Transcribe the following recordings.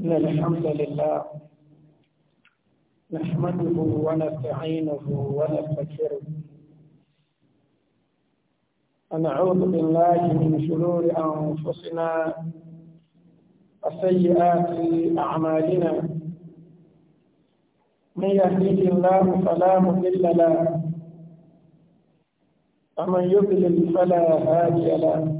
إن الحمد لله نحمده ونستعينه ونستغفره ونعوذ بالله من شرور أنفسنا وسيئات أعمالنا من يهديه الله فلا مضل له ومن يضلل فلا هادي له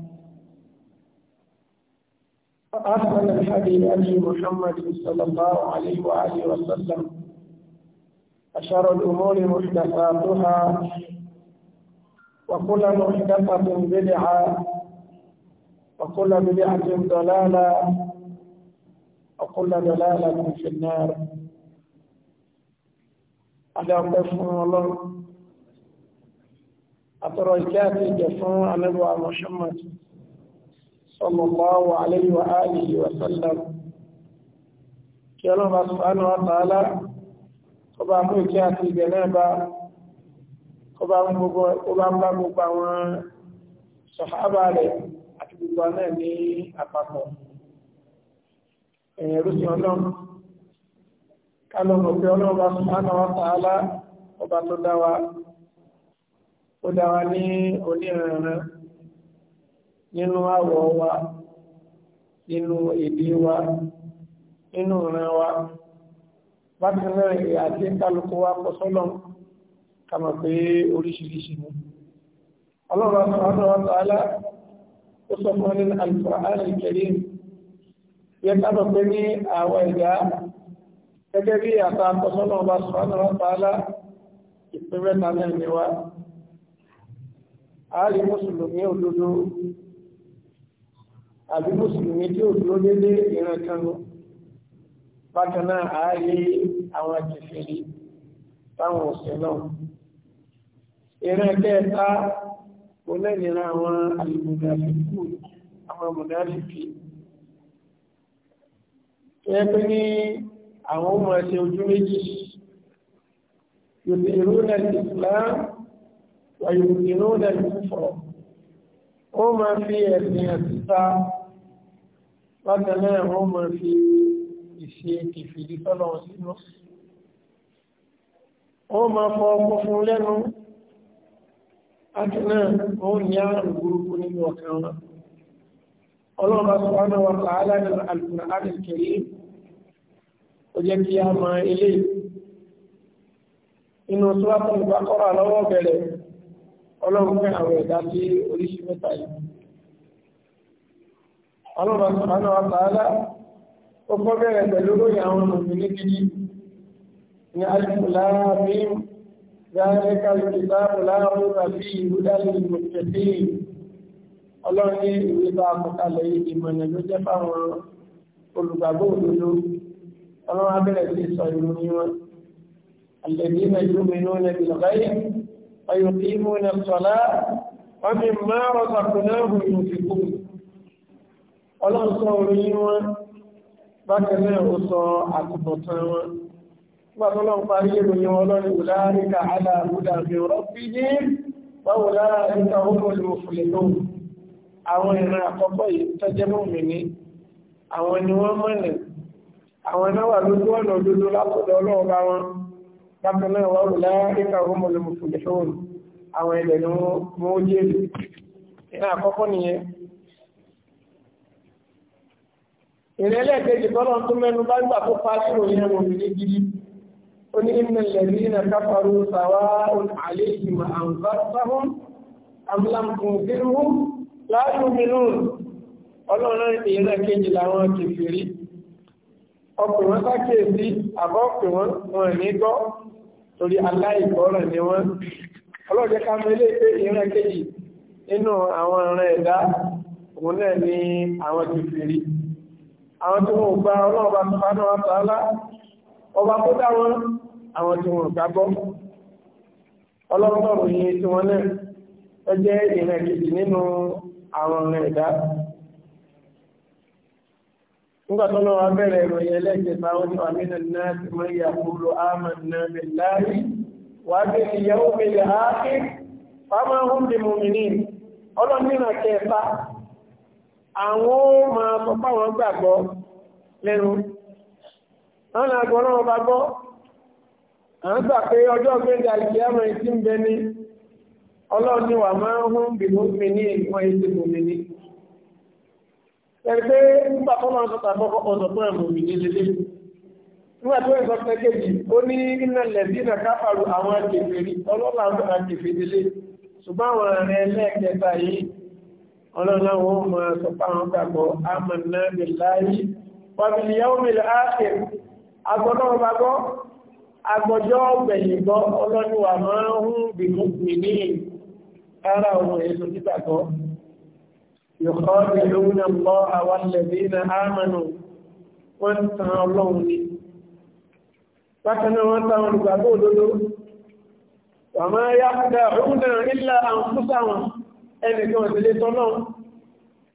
وأحسن الحديث أبي محمد صلى الله عليه وآله وسلم أشار الأمور محدثاتها وكل محدثة بدعة وكل بدعة ضلالة وكل ضلالة في النار على قسم الله أتركاتي جفون على محمد صلى الله عليه وآله وسلم كلام سبحانه وتعالى ọba mú ìkí àti ìgbẹ̀ náà bá ọba mú gbogbo àwọn sọ̀hábà rẹ̀ àti gbogbo náà ní àpapọ̀ ẹ̀yẹ̀ rúsì ọlọ́run kálọ̀mọ̀ pé ọlọ́run bá subhanahu wa ta'ala ọba tó dáwà ó dáwà ní onírànràn nínú àwọ̀ wa nínú èdè wa nínú ìran wa bákan náà èrè àti kálukú wa kọ sọ́lọ̀ kàmà pé oríṣiríṣi ni ọlọ́run subhanahu wa ta'ala ó sọ fún ní al-Qur'an al-Karim yẹ kábọ̀ pé ní àwọ̀ ẹ̀dá gẹ́gẹ́ bí àta akọsọ́nà ọba subhanahu wa ta'ala ìpínlẹ̀ tàbí ẹ̀mí wa àárín mùsùlùmí òdodo àbí mùsùlùmí tí ò dúró dédé ìran kan lọ bákan náà ààyè àwọn àjẹfẹ̀rí táwọn ọ̀sẹ̀ náà ìran kẹta kò lẹ́nìíra àwọn àlùmọ̀dáfíkù àwọn mọ̀dáfíkì ẹ pé ní àwọn ọmọ ẹsẹ̀ ojú méjì yòtìrúnà islam wà yòtìrúnà kúfọ̀ ó máa fi ẹ̀sìn àti sáà bákanáà wọ́n máa fi ìṣe kìfìdí tọ́lọ̀ sínú wọ́n máa fọ ọkọ̀ fún lẹ́nu bákanáà wọ́n ní àrùn burúkú nínú ọkàn wọn ọlọ́ọ̀bá sọ́nà wọn kààlà ní Al-Qur'an Al-Karim ó jẹ́ kí a máa ilé inú Suratul Baqara lọ́wọ́ bẹ̀rẹ̀ ọlọ́run ọlọ́run sọ̀rọ̀ wa tààlà ó kọ́ bẹ̀rẹ̀ pẹ̀lú lórí àwọn òmìnir gidi ní alifulamin ذلك الكتاب لا ريب فيه هدى للمتقين ọlọ́run ní ìwé bá àkọkalẹ̀ ìmọ̀nà ló jẹ́ ọlọ́run sọ orí wọn bákẹ́lẹ́ ó sọ àtúbọ̀tán wọn gbàtọ́lọ́run parí ìròyìn ọlọ́rin ìwòláríkà aláàbúdà bí rọ́bí ní báwo láàrínkà ọmọlù òfìlẹ̀lọ́ àwọn ìran àkọ́kọ́ yìí tọ́jẹ́ mọ́mìnì àwọn ni wọ́n mọ̀nà àwọn náwà lójú ọ̀nà òdodo látọ̀dọ̀ ọlọ́ọ̀bá wọn bákanáà wà wò láàrínkà ọmọlù òfìlẹ̀lọ́ àwọn ilẹ̀ ni wọ́n jẹ́rìí ìran àkọ́kọ́ nìyẹn ìrẹ́lẹ̀ kejì bọ́lọ̀ tó mẹ́nu bá gbà tó fásitì ìyẹn omi ní gidi ó ní ìmẹ̀ lẹ́rí na káfàrú sàwá àléhìm àǹfàfáhùn àmlàmùdínhùn láàrú mìíràn ọlọ́run ìrẹ́ kejì làwọn kèfèrí ọkùnrin sákèsí àbọ́kùnrin wọn ní gbọ́ torí aláìgbọ́ràn ni wọ́n ọlọ́jẹ́ ká mẹ́lẹ́ pé ìrẹ́ kejì nínú àwọn ọ̀rẹ́ ẹ̀dá òun náà ní àwọn kèfèrí àwọn tí wọ́n gba ọlọ́ọ̀bá tó fádọ́ wá tààlá ọba tó dá wọn àwọn tí wọ́n gbàgbọ́ ọlọ́ọ̀tọ̀rọ̀ yìí tí wọ́n náà ẹ jẹ́ ìrìn kejì nínú àwọn ẹ̀dá nígbà tó lọ́wọ́ abẹ́rẹ́ ìròyìn ẹlẹ́gbẹ̀ta ó ní wàmínà náà ti mọ ìyàwó mi àwọn ó máa sọ páwọn gbàgbọ́ lẹ́nu wọ́n náà gbọ́ náà bá gbọ́ à ń gbà pé ọjọ́ gbẹ́dà ìkìyàmọ̀ ìtí ń bẹ ní ọlọ́run ni wà máa ń hún bìbò mi ní ìwọ̀n ètò ìbòmí ní pẹ̀lú pé nígbà tó máa ń sọ̀tà àkọ́kọ́ ọ̀sọ̀ fún ẹ̀mọ̀ mi ní lélẹ́ nígbà tó ń sọ pé kejì ó ní iná lẹ̀bí náà káfàrù àwọn àjèfèrí ọlọ́run àwọn àjèfèrí lé ọlọ́láwọ́ máa sọ fáwọn gbàgbọ́ amànà billahi wa bil yawmil akhir agbọ́nàbàgbọ́ agbọ́jọ́ gbẹ̀yìnbọ́ ọlọ́niwà máa ń bí mùmìnì ara ohun èso títàkọ́ yukhadiruna Allaha wal ladina amanu wọ́n tan ọlọ́run ni bákanáà wọ́n ẹnì kan òṣèlè tọ́lọ́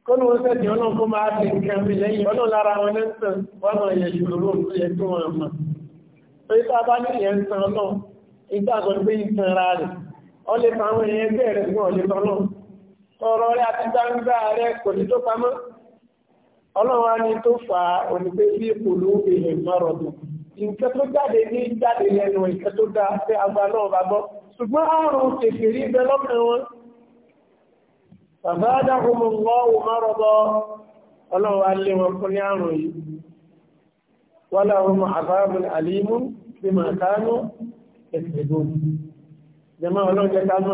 kó ní wọ́n sẹ́dì ọlọ́run kó máa fi nǹkan mi lẹ́yìn ọlọ́run lára wọn ní sàn wọ́n máa yẹ ìṣòro tó yẹ kí wọ́n mọ̀ torí tá a bá ní ìyẹn ń san ọlọ́run ìgbà àgbọ̀ pé ìsan ra rẹ̀ ọ lè fa àwọn èèyàn ẹgbẹ́ rẹ̀ fún ọ̀lẹ́ tọ́lọ́ ọ̀rọ̀ rẹ̀ àti gbangba rẹ̀ kò ní tó pamọ́ ọlọ́run á ní tó fà á òní pé bí ìpòlú èèyàn mọ́rọ̀ dùn nǹkan tó jáde ní jáde lẹ́nu nǹkan tó dáa pé agba náà bá bọ́ ṣùgbọ́n àrùn kèfèrí bẹ lọ́kàn wọn fàbáàdà ọmọ ọwọ́ márọ̀bọ́ ọlọ́wọ́ alẹ́ wọn kún ní àrùn yìí wọ́n láwọn ọmọ àbáàbùn àlímú sí máa kánú ẹ̀sẹ̀gbò jẹmọ́ ọlọ́jẹ́ kánú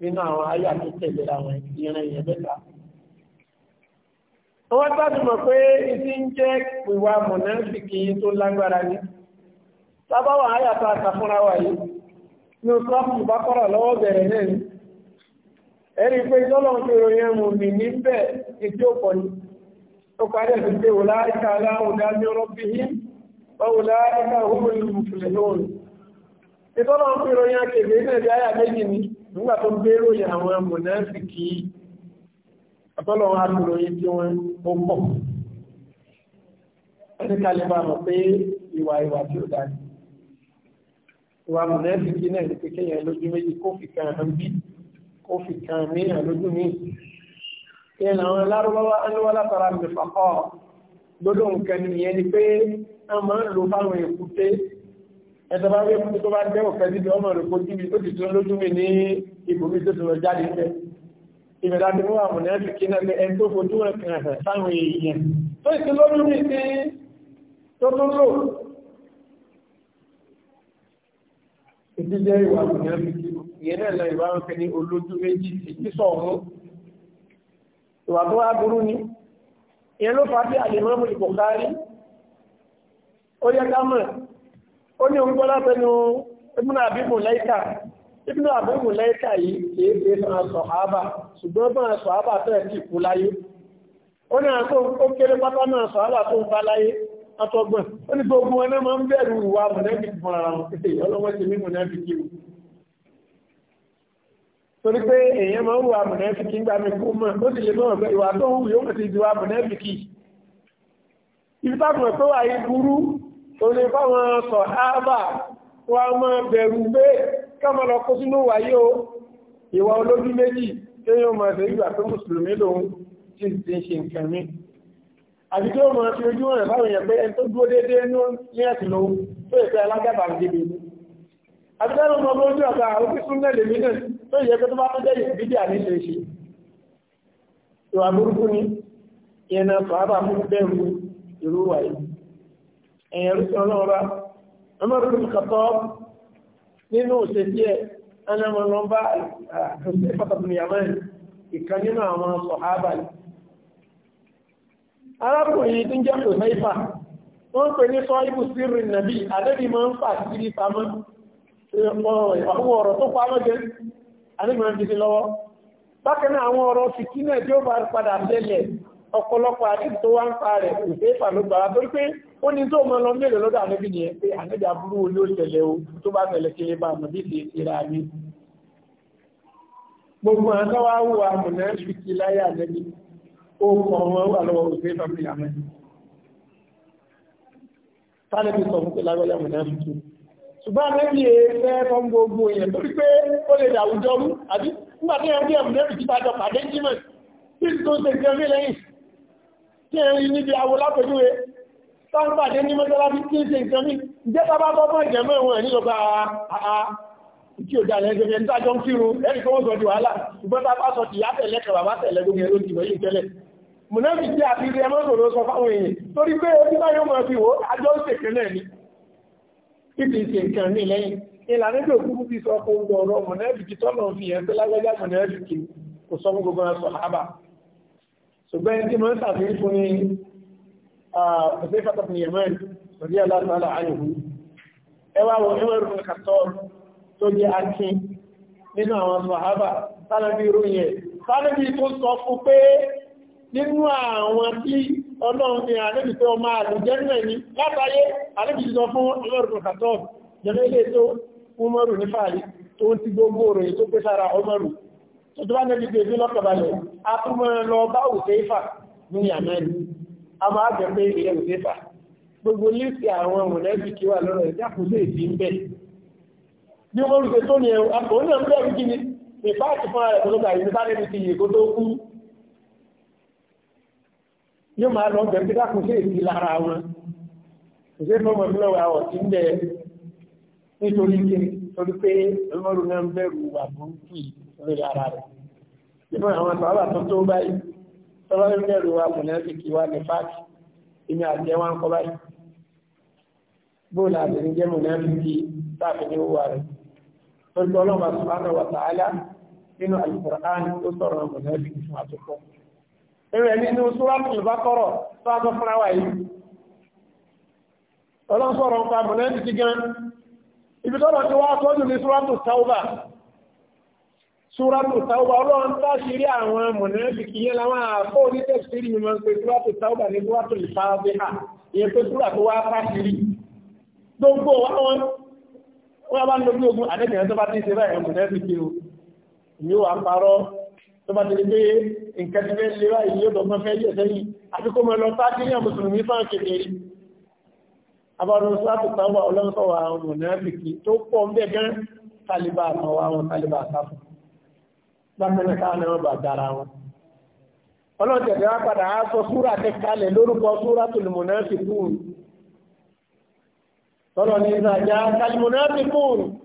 nínú àwọn ayé àtúntẹ̀lẹ̀ àwọn ìran ìyẹn mẹ́ta wọ́n tàbí mọ̀ pé isi ń jẹ́ ẹ̀rí pé tọ́lọ̀n tó ròyìn mú mi níbẹ̀ ìdí òpọ̀ ní ó parí ẹ̀sì pé wò láìka aláhùn dájú ọlọ́bí yí wọ́wò láìka òhun ìlú mùsùlùmí lóòrùn ìtọ́lọ̀n tó ròyìn akèbè náà di àyà méjì ni nígbà tó gbé ròyìn àwọn mùnáfì kì í àtọ́lọ̀n àtòròyìn tí wọ́n ó pọ̀ ẹni ìwà ìwà tí ó náà ní pé kéèyàn lójú méjì kó fi kan àmì bíi kó fi kan mí àlójú mi ṣe làwọn lárúbáwá aníwá látara mẹ́fàkọ́ gbọ́dọ̀ nǹkan nìyẹn ni pé a máa ń lo fáwọn èkúté ẹ̀tọ́ bá wé kúté tó bá dẹ́wọ̀ pẹ̀lú ibi ọmọ rẹ̀ kó tíbi tó ti tún lójú mi ní ibòmí tó ti lọ jáde ń bẹ́ ìbẹ̀dá ti mú àwọn ẹ̀rì kí náà ẹni tó fojú ẹ̀ kàn hàn sáwọn èèyàn tó ìsìn lójú mi sí tó tún lò ìdíjẹ́ ìwà àwọn ẹ̀rì kí ìyẹn náà lọ ìwà ń fẹ́ ní olójú méjì sí sọ̀rọ̀ ìwà tó wá burú ni ìyẹn ló fà á sí àlèmọ́mù ìbùkárí ó yẹ ká mọ̀ ó ní orúkọ látẹnu ibùnà àbíbù lẹ́yìká ibùnà àbíbù lẹ́yìká yìí kìí ṣe máa sọ àbà ṣùgbọ́n máa sọ àbà tẹ̀ sí ìkú láyé ó ní àtó ó kéré pátá náà sọ àbà tó ń bá láyé àtọgbọ̀n ó ní gbogbo ẹni máa ń bẹ̀rù ìwà mọ̀nẹ́bí fúnra wọn ọlọ́wọ́ ti mí mọ̀nẹ́bí kí torí pé èèyàn máa ń wà mùnẹ́fìkì ńgbà mi kó mọ̀ ó sì lè mọ̀ ọ̀gbẹ́ ìwà tó ń wù yóò mọ̀ sí ti wà mùnẹ́fìkì ibi táwọn mọ̀ tó wà yìí burú tó lè fáwọn sọ̀ ábà wà mọ̀ bẹ̀rù pé káwọn lọ kó sínú wà yìí o ìwà olójú méjì téèyàn mọ̀ sí ìgbà tó mùsùlùmí lòun ti ti ṣe nǹkan mi àti tí ó mọ̀ fi ojú hàn báwọn èèyàn pé ẹni tó yẹ kó tó bá tó jẹ́ ìbídí àníṣeṣe ìwà burúkú ni ìyẹn náà fàábà mú bẹ́ẹ̀rù ìlú wà yìí ẹ̀yìn ẹ̀rú sọ náà bá ọmọ rúdú kàtọ́ nínú òṣèṣì ẹ̀ ẹnàmọ́ lọ bá àtúnṣe pàtàkì yàmẹ́ ìkan nínú àwọn sọ̀hábà yìí arákùnrin jẹ́ wọ́n pè ní sọ ibù nàbí máa ń fà sí ọ̀rọ̀ tó pamọ́ jẹ́ àníbìnrin gidi lọ́wọ́ bákanáà àwọn ọ̀rọ̀ ti kí náà tí ó bá padà tẹ́lẹ̀ ọ̀pọ̀lọpọ̀ àdìsí tó wá ń pa rẹ̀ ìfẹ́ ìfà ló gbàrà torí pé ó ní tó mọ́ lọ mélòó lọ́dọ̀ àníbì nìyẹn pé àníbì aburú o tó bá tẹ̀lẹ̀ kiri bá mọ̀ gbogbo àtọ́ wá wù náà fi ti láyé ànẹ́bí ó kọ̀ wọn wà lọ́wọ́ òfin ìfà àmẹ́ tálẹ́bí sọ fún pé lágbẹ́lẹ́ mọ̀ náà fi kiri ṣùgbọ́n mẹ́bí ẹgbẹ́ fọ́n gbogbo èèyàn tó rí pé ó lè dàwùjọ mú àbí nígbàtí ẹgbẹ́ ẹgbẹ́ mẹ́bí tí bá jọ pàdé jímọ̀ tí tó ṣe jẹ́ mí lẹ́yìn tí ẹ rí níbi awo lápẹjúwe tán pàdé ní mọ́sálásí tí ṣe nǹkan mí jẹ́ bábá bọ́bọ́ ìjẹ̀mọ́ ìwọ̀n ẹ̀ nílọ́gbà àà tí ó dà lẹ́jọ́ ẹ̀ ń dájọ́ ń kírun ẹ̀rí tó wọ́n sọ di wàhálà ṣùgbọ́n tá a bá sọ ti yá tẹ̀lé kẹ̀ bàbá tẹ̀lé gbogbo ẹ̀rọ ìdìbò yìí tẹ́lẹ̀ mùnẹ́bì tí a fi rí ẹmọ́ sọ̀rọ̀ sọ fáwọn èèyàn torí pé ẹbí báyọ̀ mọ̀ fi wò ájọ́ ń ṣèkẹ́ náà ni títí ṣe nǹkan ní lẹ́yìn ìlànà tó kúrú bí sọ fún ọgbọ̀n ọ̀rọ̀ mọ̀nẹ́bìkì tọ́nà fi ẹ̀ tó lágbájá mọ̀nẹ́bìkì kò sọ fún gbogbo ẹ̀ sọ hábà ṣùgbọ́n tí mo ń sàfihàn fún ní ọ̀sẹ̀ fàtàkùn yẹ̀mẹ́rin rọ̀dí aláàtàlà àyẹ̀wò ẹwà wọ ẹwẹ́rù kàtọ́ tó jẹ́ akin nínú àwọn sọ hábà tánàbí irú yẹn tánàbí tó sọ fún pé nínú àwọn tí ọlọ́run fi hàn lẹ́bí pé ọmọ àlùjẹ́ náà ní látàyé àlẹ́bí sọ fún ọlọ́rùn kàtọ́ọ̀ jẹ́mẹ́ tó Umaru ní fàárí tó ń ti gbogbo rẹ̀ tó pé sára Umaru tó tó bá nẹ́bí pé bí e lọ́kàbalẹ̀ a tún mọ́ lọ bá òtẹ́fà ní yàmẹ́lú a máa jẹ pé ilẹ̀ òtẹ́fà gbogbo lísì àwọn mọ̀lẹ́bí kí wà lọ́rọ̀ ìjákùnlé ìdí ń bẹ̀ bí Umaru ṣe tó ní ẹ̀rù àpò ní yóò máa lọ bẹ̀rẹ̀ kíkà kò sí èyí lára wọn kò sí fọmọ ìlọ́wọ́ àwọ̀ tí ń bẹ nítorí kí torí pé ọmọrù náà ń bẹ̀rù wà burúkú lórí ara rẹ̀ nínú àwọn sọ́ọ́bà tó tó báyìí sọ́ọ́bà ń bẹ̀rù wà kò náà sì kí wá ní fáàkì ìní àti ẹwà ń kọ́ báyìí bóòlù àti ìjẹ́ mọ̀ náà fi di sáàfin ní wà rẹ̀ torí ọlọ́mà subhanahu wa ta'ala nínú Al-Qur'an tó sọ̀rọ̀ mọ̀ ẹ̀rẹ̀ nínú súrámùlù bá kọ́rọ̀ tó a sọ fúnra wà yìí ọlọ́sọ̀rọ̀ nǹkan mọ̀lẹ́bí ti gan ibi tọ́lọ̀ tí wá tọ́jú ní súrámù táúbà súrámù táúbà ọlọ́run tó ṣírí àwọn mọ̀lẹ́bí kì yẹn láwọn àpò onítẹ̀sírì ni wọ́n pe súrámù táúbà ní súrámù ìfàbíhà ìyẹn pé súrà tó wá fáṣírí gbogbo àwọn wọn bá ń lójú ogun àdẹ́kẹ̀ẹ́ tó bá ti ṣe báyìí mọ̀lẹ́bí kí o ìyó à ń parọ́ tó bá tẹ̀lé pé nǹkan ti fẹ́ lera ìlú ọ̀dọ̀ mọ́ fẹ́ yẹ̀ sẹ́yìn àti kó mọ lọ sáájú ní àmùsùlùmí fáwọn kékeré abọ́dún sáàtù táwọn ọlọ́sọ̀wà àwọn mọ̀nàfìkì tó pọ̀ ń bẹ̀ gan tàlíbà àtàwọn àwọn tàlíbà sáfù bákan náà káwọn náà bà dára wọn ọlọ́tẹ̀dẹ̀ wá padà á sọ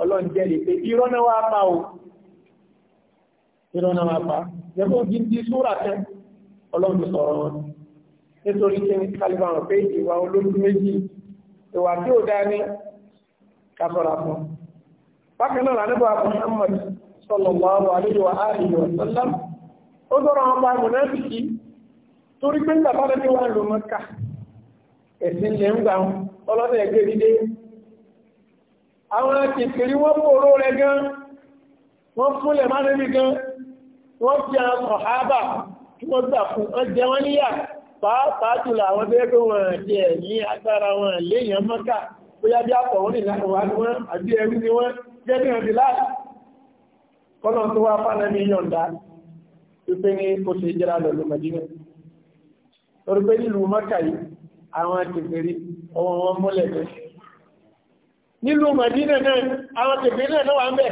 ọlọ́run jẹ́rìí pé irọ́ náà pa o irọ́ náà wá pa yẹ́bọ́ bí bí súrà tẹ́ ọlọ́run sọ̀rọ̀ wọn nítorí kí ní kálíbà wọn pé ìwà olójú méjì ìwà tí ò dání kásọ̀rọ̀ fún bákan náà lánàbọ̀ Muhammad sallallahu alaihi wa alihi wa sallam ó dọ́rọ̀ wọn pa mùnáfìkì torí pé ń ẹ̀sìn lẹ́ ń gbà ọlọ́dẹ̀ àwọn kìkìrí wọ́n pòró rẹ̀ gan wọ́n fúnlẹ̀ má níbi gan wọ́n fi àwọn sọ̀hábà tí wọ́n gbà fún wọ́n wọ́n níyà pàápàá jùlọ àwọn tó yẹ pé ní agbára wọn léèyàn mọ́kà bóyá bí àpọ̀ wọn àbí ẹrú ni wọ́n jẹ́ bí wọ́n ti láti kọ́nà tó wá fánà ní yọ̀ǹda wípé ní kò ṣe jẹ́ra lọ́lọ́ mẹ́jìnà torí pé nílùú mọ́kà yìí àwọn kìkìrí ọwọ́ wọn nílùú Mẹ̀dínà náà àwọn kèfèrè náà wà ń bẹ̀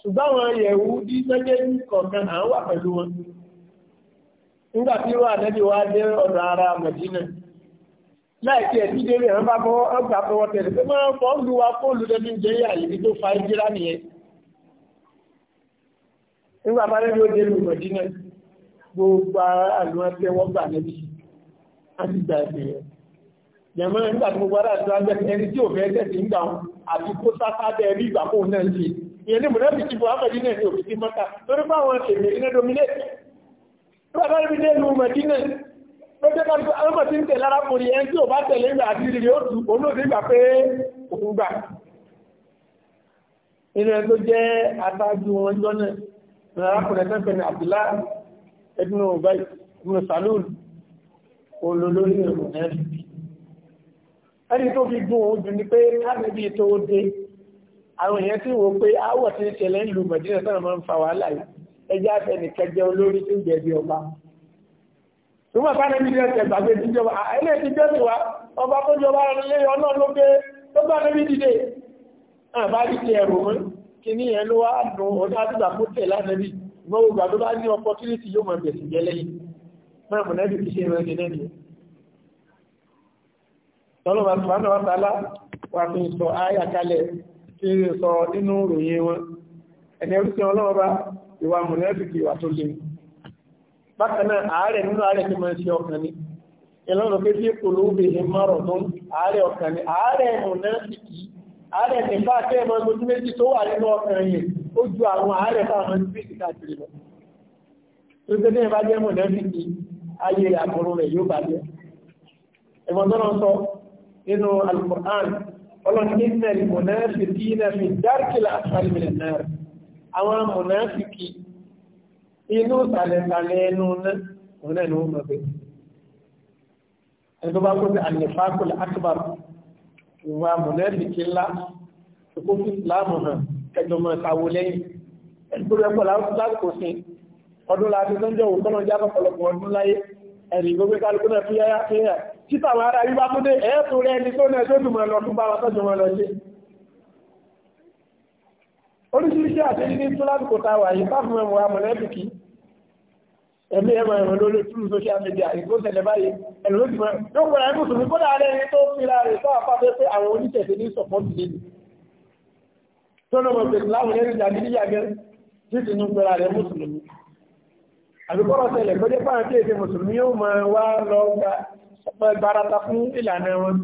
ṣùgbọ́n àwọn yẹ̀wú dí méjèèjì kọ̀ọ̀kan à ń wà pẹ̀lú wọn nígbà tí wọ́n ànẹ́bí wá dé ọ̀dọ̀ ara Mẹ̀dínà láìpẹ́ ẹ̀bí délé ẹ̀rọ bá bọ́ ọgbà bọ́wọ́ tẹ̀lé pé máa ń fọ́ ń lu wa fóòlù tẹ́bí ń jẹ́yà ìdí tó fa ìjírá nìyẹn nígbà bá lẹ́nu ó délé Mẹ̀dínà gbogbo àlùmọ́ tẹ́wọ́ gbà nẹ́bí á ti yẹ̀mọ́ nígbà tí gbogbo aráàtí wá jẹ́ ẹni tí ò fẹ́ tẹ́sì ń dáun àti kó sáfábẹ́ rí ìgbà kó náà sí ìyẹn ní mọ̀lẹ́bí ti bọ̀ áfẹ́ dínà ní òfin sí mọ́ta lórí báwọn èmì iná dominé lọ́pàá rí dé lu mẹ̀dínà lọ́jọ́ ká ọmọ tí ń tẹ̀ lára kò rí ẹni tí ò bá tẹ̀lé ìgbà àti ìrírí ó tu olóòdì ìgbà pé òun gbà inú ẹni tó jẹ́ aṣáájú wọn jọ náà arákùnrin tẹ́fẹ́ ní Abdullah ẹdínú ọ̀bá ìmùsàlùn olólórí ìrùn ẹni tó fi gún ojú ni pé káàmì bí tó dé àwọn èèyàn tí wò pé áwọ̀ tí ń ṣẹlẹ̀ ń lu mọ̀dínà sọ́nà máa ń fa wàhálà yìí ẹjẹ́ afẹnìkan jẹ́ olórí tó jẹ́ bí ọba tuma kánà bí dẹ́sẹ̀ gbàgbé tíjọba ilé ti dẹ́sẹ̀ wa ọba tó jọba ilé ọ̀nà ló gbé tó bá níbi dìde àbá rí ti ẹ̀rù mú kí ní ẹ̀ ló wá dùn ọdún àtúgbà kó tẹ̀ lánàbí gbogbo àdúrà ní ọpọtúnìtì yóò mọ̀ bẹ̀sì jẹ́ lẹ́yìn mọ̀ mọ̀ nẹ́bí fi ṣe rẹ̀ nìyẹn tọ́lọ́wà sùpánà wà tààlá wà fi sọ ayà kalẹ̀ tí ó sọ nínú ròyìn wọn ẹni oríṣi ọlọ́wọ́ba ìwà mùnẹ́bìkì wà tó lè bákan náà àárẹ̀ nínú àárẹ̀ tí mo ń ṣe ọkàn ni ìlọ́rọ̀ pé tí kò ni àárẹ̀ mùnẹ́bìkì àárẹ̀ nípa tẹ́ ẹ̀mọ́ ojú méjì tó wà nínú ọkàn yìí ó ju àwọn àárẹ̀ fáwọn ibi ìkàkiri lọ tó gbé ní ìbájẹ́ mùnẹ́bìkì ayé nínú alukur'an ọlọ́run ní sẹ́lì mọ̀nàfìkì náà fi dárkìlá àtàlìmìlì náà àwọn mọ̀nàfìkì inú sàlẹ̀sàlẹ̀ ẹnu náà ní wọ́n mọ̀bẹ̀ ẹni tó bá kó sí àlẹ́fàkùl akbar wà mọ̀nàfìkì ńlá tó kó sí ìsìlámù hàn kẹjọ mọ̀ ìtawó lẹ́yìn ẹni tó rẹ̀ pọ̀ lásìkò sí ọdún láti títà àwọn ará yíwá tó dé ẹ̀ẹ́tù rẹ ní tó náà tó dùnmọ̀ lọ tún bá wọn tọ́jú wọn lọ jẹ́ oríṣiríṣi àtẹ́jú ní túláàbù kò táwà yìí fáfún ẹmọ amọ̀lẹ́bì kí ẹ̀mí ẹmọ ẹ̀mọ lórí túlù social media ìgbóṣẹ̀lẹ̀ báyìí ẹ̀lọ́dì mọ́ yóò pẹ̀lú ẹ̀mú tùmí kó dáadẹ́ ní tó fi ra rẹ̀ sọ́wọ́ pàtó pé àwọn oníṣẹ̀ṣẹ̀ ní sọ̀pọ̀tù lẹ́nu tó lọ́mọ pẹ̀lú láwọn ẹ̀rí ìjàdí níyà gẹ́ tí ti nú pẹ̀lú rẹ̀ mùsùlùmí àbíkọ́rọ̀ ṣẹlẹ̀ kọjá pàrọ̀ tí èdè mùsùlùmí yóò máa wá lọ ọ̀pọ̀ ìbárata fún ìlànà wọn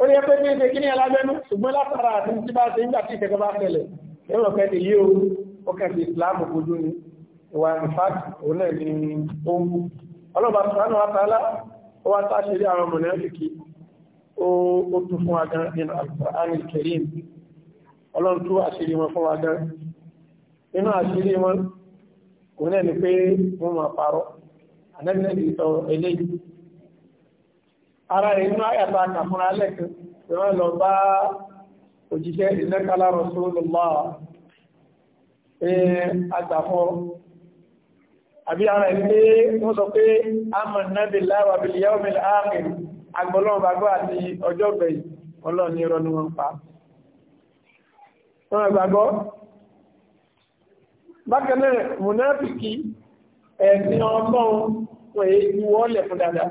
ó yẹ pé bí ṣe kí ní alábẹ́nu ṣùgbọ́n látara àti tí bá ṣe nígbà tí ìkẹ́kẹ́ bá fẹ́lẹ̀ ẹ̀rọ pẹ́ èyí o ó kẹ́kẹ́ ìsìláàmù kojú ni ìwà ìfàtì òun náà ni ó ń mú ọlọ́ba sùnánù àtàlá ó wá tá ṣeré àwọn ọmọ náà fìkì ó tún fún wa gan nínú Al-Qur'an Al-Karim ọlọ́run tú àṣírí wọn fún wa gan nínú àṣírí wọn òun náà ni pé wọ́n máa parọ́ ànábìnrin ìtọ́ eléyìí ara rẹ̀ inú àyàtà kàfúnra lẹ́kùn ìran lọ bá òjíṣẹ́ ìlẹ́kàlá Rasulullah àgbàfọ́ àbí ara ilé wọ́n sọ pé a mọ̀ náàbì láwà bí i yàwó mẹ́lẹ̀ ààrin agbọ́lọ́wọ́ bàgbọ́ àti ọjọ́ bẹ̀yìn ọlọ́ni rọnu wọn pa wọ́n gbàgbọ́ bákanáà mùnáfìkì ẹ̀sìn ọlọ́run wọ́n wọ́lẹ̀ fún dáadáa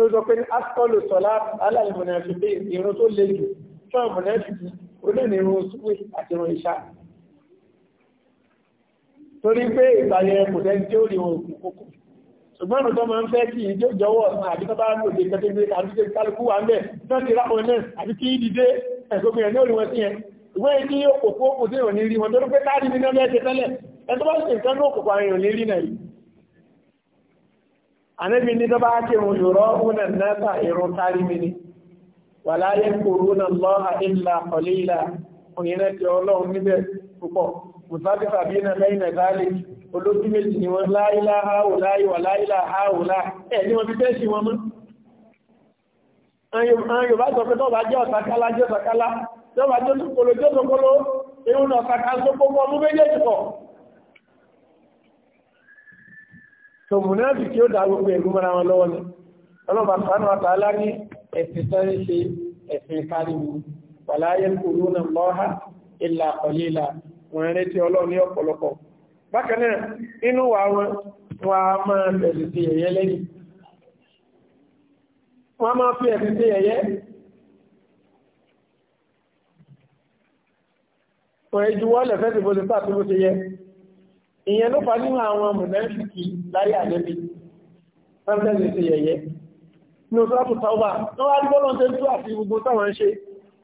tó sọ pé asọ́lù sọ́lá alàlùmọ̀nàfíkì ìrún tó le jù fún àmọ̀nàfíkì onínìrún súwé àti ìrún ìṣá torí pé ìgbàlẹ̀ kò tẹ́ tí ó rí wọn òkú kókò ṣùgbọ́n ọ̀nà tó máa ń fẹ́ kí ìjọ jọwọ́ ọ̀sán àbí tó bá ń lòdì kẹtẹ́gbé àbí tó kálukú wà ń bẹ̀ tó ti rápọ̀ náà àbí kí dìde ẹ̀sọ́gbìn ẹ̀ ní òrí wọn sí yẹn ìwé ní òkòkò òkòkò tí ìrọ̀ ní rí wọn tó rú pé káàdì nínú ẹgbẹ́ tẹ́lẹ̀ ẹ̀ tó bá sì ń kẹ́ ní òkòkò àrìnrìn ní ànábì ní dọ́bá kí òun yòrọ̀ òun náà ìrún kárí mi ni wà láyé kòrò náà lọ́ àìlà ọ̀lẹ́ìlà òyìnbó ti ọlọ́run níbẹ̀ púpọ̀ mùsàbífà bí náà lẹ́yìn nàìjíríà olójú méjì ni wọ́n láìlà háòláì wà láìlà háòlá ẹ̀ ní wọ́n fi fẹ́ sí wọn mọ́ àwọn Yorùbá sọ pé tọ́ba jẹ́ ọ̀sàkálá jẹ́ ọ̀sàkálá tọ́ba jẹ́ olójú so munafi kí ó dá gbogbo ẹ̀gún mọ́ra wọn lọ́wọ́ ni ọlọ́ba sanu àtàlá ní ẹ̀sìn sáré ṣe ẹ̀sìn káríwú wàláyé kúrú náà lọ́ha ìlà ọ̀lẹ́là wọn rẹ̀ tí ọlọ́run ní ọ̀pọ̀lọpọ̀ bákan náà inú wa wọn wọn a máa bẹ̀rẹ̀ sí ẹ̀yẹ lẹ́yìn wọn a máa fi ẹ̀sìn sí ẹ̀yẹ wọn èjì wọ́n lẹ̀fẹ́ sí bó ti yẹ ìyẹn ló fa nínú àwọn mùnẹ́fìkì láyé àdẹ́bí sọ́tẹ́lẹ̀ ṣe yẹ̀yẹ́ ní òṣèlú tàwà tó wá gbọ́lọ́n tẹ́ tó àti gbogbo táwọn ń ṣe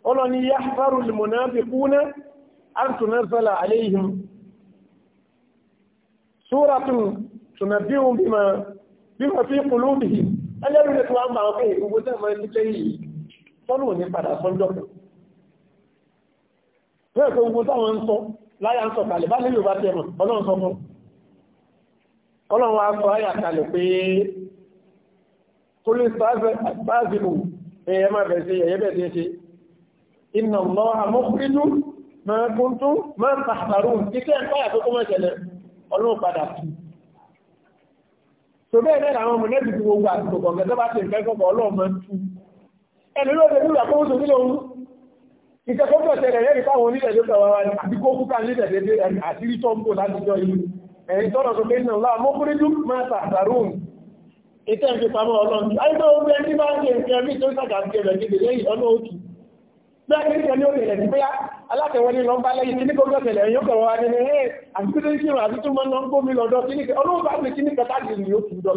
ọlọ́ni yá fárú lèmọ̀náàbì kúnná àtúnẹ́sọ́là aléhìn súratun tunabíhun bímọ̀ fi kùlúbìhì ẹlẹ́rìí tó wá ń bá wọn pé gbogbo táwọn ń ṣe láyà ń sọ̀kalẹ̀ bá nílò bá tẹ̀mọ̀ ọlọ́run sọ fún ọlọ́run akọ ayà kalẹ̀ pé kúlù sáàzìmù ẹ̀yẹ máa bẹ̀ẹ̀ sí ẹ̀yẹ bẹ̀ẹ̀ sí iná lọ àmọ́kúrínú máa kún tún máa pàtàrù kíkẹ́ ẹ̀kọ́yà tó kọ́mọ̀ ìṣẹ̀lẹ̀ ọlọ́run padà sí tó bẹ́ẹ̀ náà àwọn mọ̀lẹ́bí gbogbo àti kòkòrò ìkẹ́kọ̀ọ́ tẹ̀lẹ̀ rẹ̀ ìfáwọn onílẹ̀-èdè wà ní àdíkò kúkà nílẹ̀-èdè àti ìtọ́ ń bò látijọ́ ìlú ẹ̀yìn tọ́rọ tó pé náà láà mọ́kúnrin dún máa tààrùn ìtẹ́ ìfipamọ́ ọlọ́run àìgbẹ́ ogun ẹni bá ń ṣe nǹkan ní tó sàgà ń kẹrẹ̀ níbi lẹ́yìn ọ̀nà òtù bẹ́ẹ̀ ní ìṣẹ́ ní òkèlè ní bóyá alátẹ̀wọ́ ní lọ́mbà lẹ́yìn tí ní kó gbẹ̀tẹ̀lẹ̀ yóò kọ̀wọ́ wa ní ẹ̀ àti tó ń ṣírò àti tó mọ́ lọ ń gómi lọ́dọ́ kí ní kẹ́ ọlọ́run bá mi kí ní kẹta jù ní òkú dọ́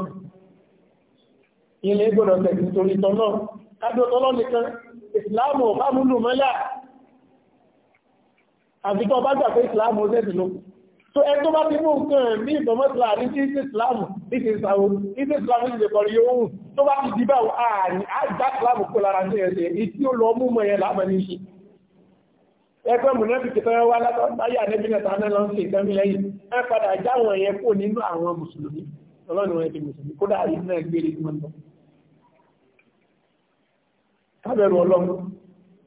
ilé gbọ́dọ̀ tẹ̀sí torí tọ́lọ́ kájọ tọ́lọ́ nìkan ìsìláàmù ọ̀bá múlù mọ́lá àfikọ́ bá gbà pé ìsìláàmù ọ̀sẹ̀sì ló so ẹ tó bá ti mú nǹkan ní ìbọ̀mọ́sílá ní sí ìsìláàmù ní ti ìsàwò ní sí ìsìláàmù ní ìdẹ̀kọ̀rí yóò tó bá ti dìbà ààrin àjá ìsìláàmù kó lára ní ẹ̀sẹ̀ ìtí ó lọ mú mọ̀ yẹn láàmà ní ṣe ẹgbẹ́ mùnẹ́fìkì tó wá látọ́gbáyà nẹ́bí nẹ́ta náà lọ sí ìtẹ́mí lẹ́yìn ẹ padà jáwọn yẹn kó nínú àwọn mùsùlùmí ọlọ́run wọn ti mùsùlùmí kódà ìlú náà gbére ní mọ́tò kábẹ̀rù ọlọ́run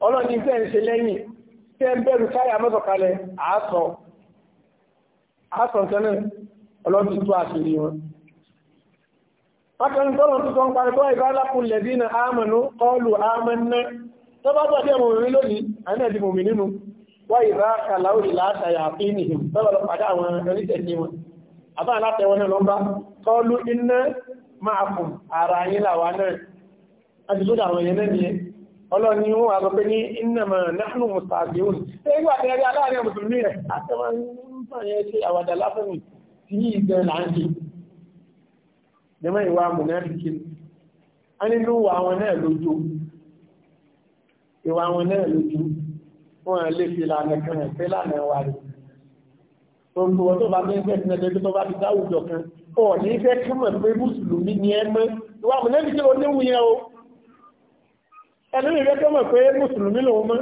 ọlọ́run ní fẹ́ ń ṣe lẹ́yìn tẹ́ ń bẹ̀rù káyà mọ́sọ̀kalẹ̀ àásọ àásọ tẹ́lẹ̀ ọlọ́dún tó àṣírí wọn bákan tọ́lọ̀ tó tọ́n parí tọ́ ìbálákùn lẹ́dínà ámànú kọlù ámànà tó bá tọ́ jẹ́ mòmìnì lónìí àná di mòmìnì nù wá ìbá kàláwì látàyà fínihìn tọ́lọ̀ padà àwọn oníṣẹ́sí wọn àbá alátẹ̀wọ́n náà lọ́mbá kọlù iná máa kùn ara yín làwọn náà ọlọ́ni wọ́n àgbà pé ní ìnàmà náà mùsàbíhùn ẹgbà tẹ́rẹ aláàrin mùsùlùmí rẹ̀ àtẹ́wọ́n ń fàyẹ sí àwàdà láfẹ́mì tí yìí gan láńkì jẹ́mọ́ ìwà mùnáfíkì a nínú àwọn náà lójú ìwà àwọn náà lójú wọ́n lè fi lànà kan ẹ̀fẹ́ lànà wà rẹ̀ gbogbo ẹnu ìrẹ́ tó mọ̀ pé mùsùlùmí lòun mọ́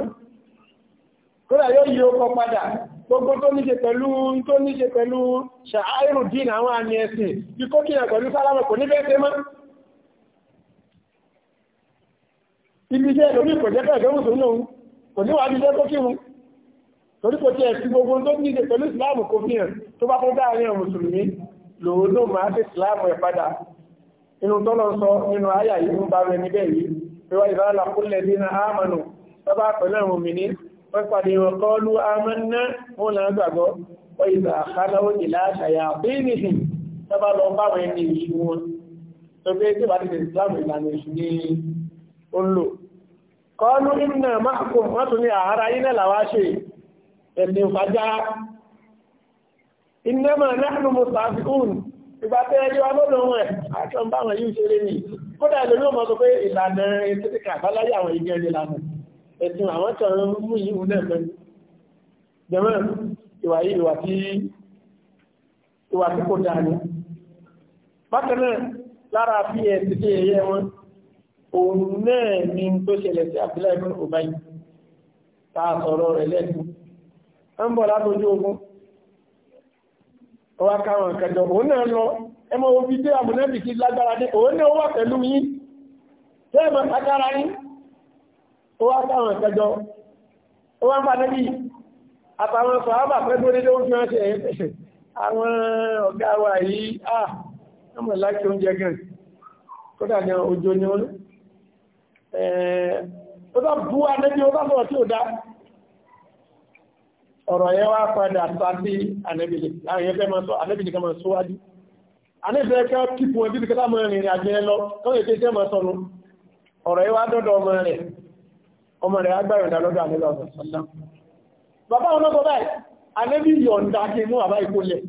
kódà yóò yí ọkọ̀ padà gbogbo tó níṣe pẹ̀lú tó níṣe pẹ̀lú ṣàáìrù dín àwọn àmì ẹ̀sìn bí kó kìnà pẹ̀lú sálámà kò nífẹ̀ẹ́ sí mọ́ ibi iṣẹ́ lórí kò jẹ́ pẹ̀lú mùsùlùmí lòun kò ní wàá bí jẹ́ kó kírun torí kò tí ẹ̀sìn gbogbo tó níṣe pẹ̀lú ìsìláàmù kò fi hàn tó bá fún dáàrin àwọn mùsùlùmí lòun ló máa fi ìsìláàmù ẹ̀ padà inú tọ́lọ́ sọ nínú àyà yìí wa idha laqul ladina amanu bábá pẹ̀lú àwọn òmìnir wọ́n pàdé wọn qalu amanna wọn náà gbàgbọ́ wa idha khalu ila shayatinihim bábá lọ bá wọn ní ìṣú wọn tó pé tí bá ìgbà tẹ́ ẹ̀rí wa lọ́dọ̀ wọn ẹ̀ àti ọmọ àwọn yìí ṣeré ní kódà ìlú ní ọmọ sọ pé ìlànà ẹ̀tẹ́tẹ́kà àbáláyé àwọn ìgbẹ́ ẹ̀rí lànà ẹ̀sìn àwọn kan mú yìí wù náà mẹ́rin jẹ́mọ́ ìwà yìí ìwà tí ìwà tí kò dáa ni bákan náà lára bí ẹ ti dé ẹyẹ wọn òun náà ni tó ṣẹlẹ̀ sí Abdullahi ibn Ubay ta sọ̀rọ̀ rẹ̀ lẹ́nu ń bọ̀ látọjú ogun ọwá káwọn ìkẹjọ òun náà lọ ẹmọ obi dé àmúnẹ́bì sí lágbára dé òun náà wà pẹ̀lú yí tẹ́ẹ̀mọ̀ lágbára yí ọwá káwọn ìkẹjọ ọwá ń padà bí àtàwọn sọ̀hábà pẹ̀lú onídé oúnjẹ wọn ṣe àwọn ọ̀gá wa yìí à ọmọ láti oúnjẹ gan kódà ní ọ̀rọ̀ yẹn wá padà sáti ànẹ́bìnìkan máa sọ́wájú ka kíkù ẹbí bí kẹta mọ́rin ìrìn àjẹ́ lọ tọ́wọ́ ètò ìjẹ́ máa sọ́nu ọ̀rọ̀ yẹn wá dọ́dọ̀ ọmọ rẹ̀ ọmọ rẹ̀ agbáyọ̀dá lọ́dọ̀ ànẹ́bì ọ̀sán sọ́lá bàbá wọn lọ́kọ̀ báyìí anẹ́bì yọ̀ǹda kí mú bàbá ìkólẹ̀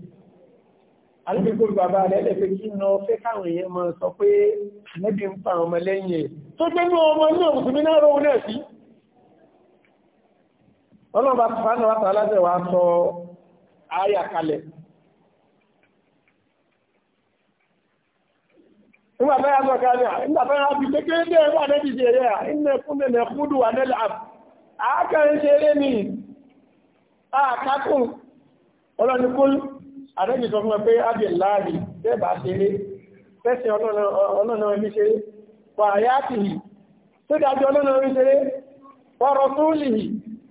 anẹ́bì kó bàbá sọ ọlọ́ọ̀bá sùfánà wà tààlà bẹ̀ wá sọ ayà kalẹ̀ nígbà bẹ́ẹ̀ sọ kalẹ̀ nígbà bẹ́ẹ̀ fi kékeré dé ẹ̀rọ àdẹ́bì ṣe à ń nẹkún lè nẹkúdù wà nílẹ̀ àp àákẹ́rin ṣe eré ni àkákùn ọlọ́ni kó àdẹ́bì sọ fún ẹ pé ábì láàrin bẹ́ẹ̀ bá ṣe eré fẹ́sẹ̀ ọlọ́nà ẹni ṣe wà áyá tìhì tó dájú ọlọ́nà ẹni ṣe wà rọ̀ tó lìhì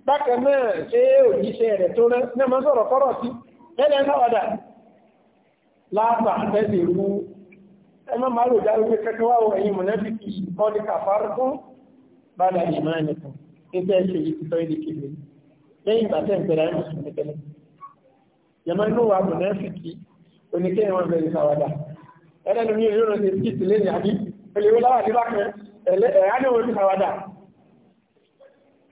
bákan náà ṣe òjíṣẹ́ rẹ̀ tó rẹ̀ ní ọmọ sọ̀rọ̀ kọ́rọ̀ sí lẹ́lẹ̀ náwàdà láàpá àtẹ́sì rú ẹmọ́ máa rò dáró pé kẹ́kẹ́ wá ẹ̀yìn mọ̀lẹ́bí kí bọ́dí kàfàrú fún bàdà ìmáàni kan nígbà ẹ̀ṣẹ̀ yìí ti tọ́ ilé kébé lẹ́yìn ìgbà tẹ́ ń pẹ̀lẹ́ ẹ̀mọ́ sùn nìkẹ́lẹ́ yẹmọ́ inú wa mọ̀lẹ́bí kí oníkẹ́ wọn bẹ̀rẹ̀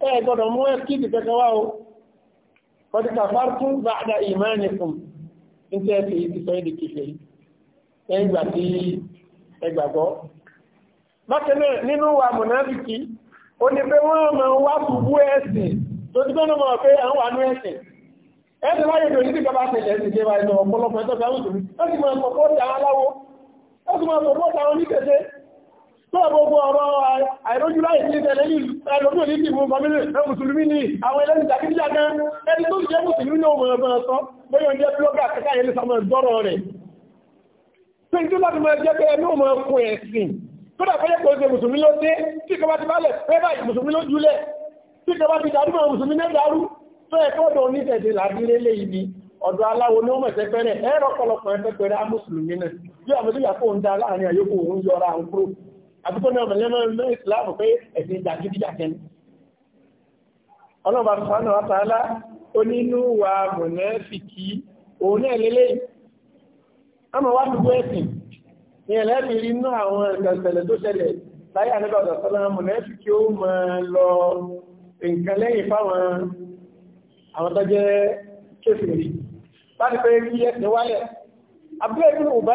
ẹ gbọ́dọ̀ mú ẹ̀kíkì kẹ́kẹ́ wá o kọ́dí kàfàr tún bá àdá ìmáàni fún ní tẹ́ fi ti sọ èdè kìfẹ́ ẹgbà tí ẹgbàgbọ́ bákanáà nínú wa mọ̀náfíkì ó ní pé wọ́n máa wá bùbú ẹ̀sìn tó ti gbọ́nà mọ̀ pé àwọn àánú ẹ̀sìn ẹ̀sìn wáyé tó ní ti kaba ṣẹlẹ̀ ẹ̀sìn jẹ́ wáyé lọ tó gbogbo ọ̀rọ̀ àìrójúlá ìpínlẹ̀ lẹ́yìn ẹlòmí òní ti mú gọmílẹ̀ mùsùlùmí ní àwọn ẹlẹ́ni jàkídíjà gan ẹni tó jẹ́ mùsùlùmí ní òmùrẹ̀ bọ̀rọ̀ sọ bóyọ̀ jẹ́ blọ́gà kẹta ilé sọmọ ìgbọ́rọ̀ rẹ̀ tó ń tó láti mọ̀ jẹ́ pé ẹni òmùrẹ̀ kún ẹ̀sìn tó dà fẹ́yẹ́ kò ṣe mùsùlùmí ló dé tí kọba ti bálẹ̀ pẹ́ báyìí mùsùlùmí ló jùlẹ̀ tí kọba ti dàrú mọ̀ mùsùlùmí ọ̀dọ̀ aláwo ní ó mọ̀ ẹ̀sẹ̀pẹ̀rẹ̀ ẹ̀rọ pọ̀lọpọ̀ ẹ̀sẹ̀pẹ̀rẹ̀ á mùsùlùmí náà bí àmọ́ sí ìyàpọ̀ ń dá láàrin àyókù òun yọra àwọn kúrò àbíkó náà mẹ́lẹ́mọ́ ló ìsìláàmù pé ẹ̀sìn ìdàgídíjàkẹ́ ni ọlọ́ọ̀bá sọ́nà wátàálá onínúwà mọ̀nẹ́fìkì òun náà lélẹ́ ọmọ wá gbogbo ẹ̀sìn ní ẹ̀lẹ́bì rí inú àwọn ìgbẹ̀sẹ̀lẹ̀ tó ṣẹlẹ̀ láyé àníbàdàn sọ́nà mọ̀nẹ́fìkì ó mọ̀ lọ nǹkan lẹ́yìn fáwọn àwọn tó jẹ́ kéfìrí láti pé kí ẹ̀sìn wálẹ̀ abúlé ìlú ọba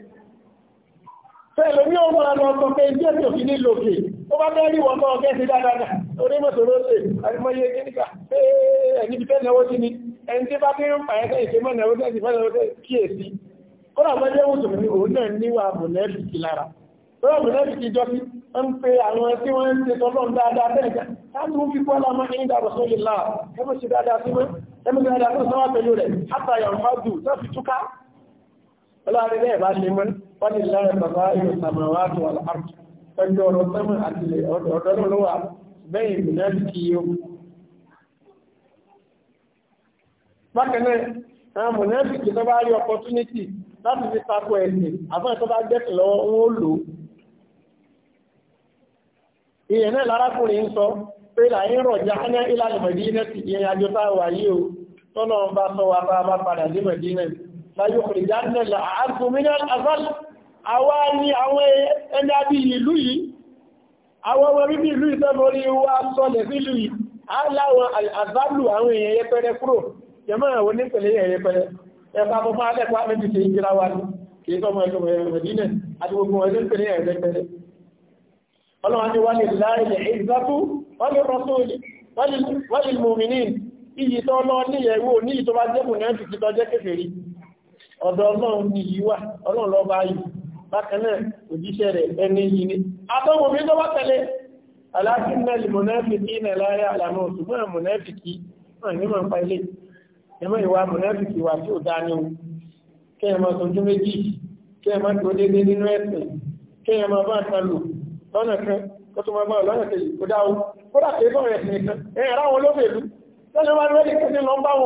fẹ́lẹ̀ ní ọmọ ọmọ ọmọ pé ní ẹ̀sìn òfin ní lòkè ó bá bẹ́ẹ̀ rí wọn kọ́ ọgẹ́ sí dáadáa onímọ̀sọ̀rọ̀ ṣe àrímọ̀yé kíníkà ẹni bí fẹ́ẹ̀ náwó sí ni ẹni tí bá fi ń pààyẹ́ sẹ́yìn tí mọ́ náwó sẹ́yìn fẹ́ẹ̀ náwó sẹ́yìn kíyèsí kọ́nà mọ́ jẹ́ wùsùn ní òun náà níwà mọ̀lẹ́bìkì lára lọ́wọ́ mọ̀lẹ́bìkì jọ sí ń pe àwọn tí wọ́n ń ṣe tọ́lọ́ dáadáa bẹ́ẹ̀ ká láti mú fífọ́ lámọ́ ní ìdàrú sóyè láà ẹmọ́ sí dáadáa sí mọ́ ẹmọ́ sí dáadáa tó sọ́wọ́ pẹ̀lú rẹ̀ àtàyàn fájú tó fi túká ọlọ́rin bẹ́ẹ̀ bá ṣe mọ́ wọ́n ni lára bàbá ìlú sàmàwàtò àlàáfù ọjọ́ ọ̀rọ̀ sẹ́mọ̀ àti ọ̀dọ́ lọ́wọ́ bẹ́yìn ìgbìyànjú kí yóò bákanáà àwọn mọ̀nẹ́bìkì tó bá rí opportunity láti fi tako ẹ̀sìn àfáà tó bá gẹ́sì lọ́wọ́ wọn ó lò ó ìyẹn náà lárákùnrin ń sọ pé láyín rọ̀já ní ìlànà Mẹdínà ti ìyẹn àjọ táwà yìí o tọ́nà ọba sọ wa bá bá padà dé Mẹdínà láyé òkùnrin jáde náà àwa ni àwọn ẹni àbí ìlú yìí àwọn ọmọ bíbí ìlú ìsẹ́mọ̀rí wa sọlẹ̀ sílù yìí aláwọn àzálù àwọn èèyàn yẹpẹrẹ kúrò jẹmọ́ àwọn onípẹ̀lẹ̀ èèyàn yẹpẹrẹ ẹ̀fà fọ́fọ́ alẹ́kọ́ alẹ́bí ti ìjìra wa ní kìí sọmọ ẹ̀kọ́ ẹ̀rẹ̀mẹ̀dínẹ̀ àti gbogbo onípẹ̀lẹ̀ èèyàn yẹpẹrẹ ọlọ́wọ́n ni wọ́n lè láàrín ìzátú wọ́n lè rọ́sọ́lẹ̀ wọ́n lè mọ̀mìnì iyì tó lọ níyẹ̀wò ní ìtọ́bá jẹ́kùn náà ti tọ́ jẹ́ kéfèrí ọ̀dọ̀ ọlọ́run ni yíwà ọlọ́run lọ́ba yìí bákanáà òjíṣẹ́ rẹ̀ ẹni yìí ni àtọ́wò mi tó bá tẹ̀lé aláàkínlẹ̀ mọ̀nẹ́fìkì ní ẹ̀láyà àlànà òṣùgbọ́n mọ̀nẹ́fìkì náà ní màá pailé ẹmọ́ ìwà mọ̀nẹ́fìkì wà tí ó dání o kí ẹ máa sojú méjì kí ẹ máa tó dédé nínú ẹ̀sìn kí ẹ máa bá ń talò lọ́nà kan kó tó máa bá lọ́nà kejì kó dá o kó dà pé bọ́ọ̀rẹ̀ ẹ̀sìn kan ẹ̀ ẹ̀rá wọn ló fèlú lọ́nà máa rẹ́lì kí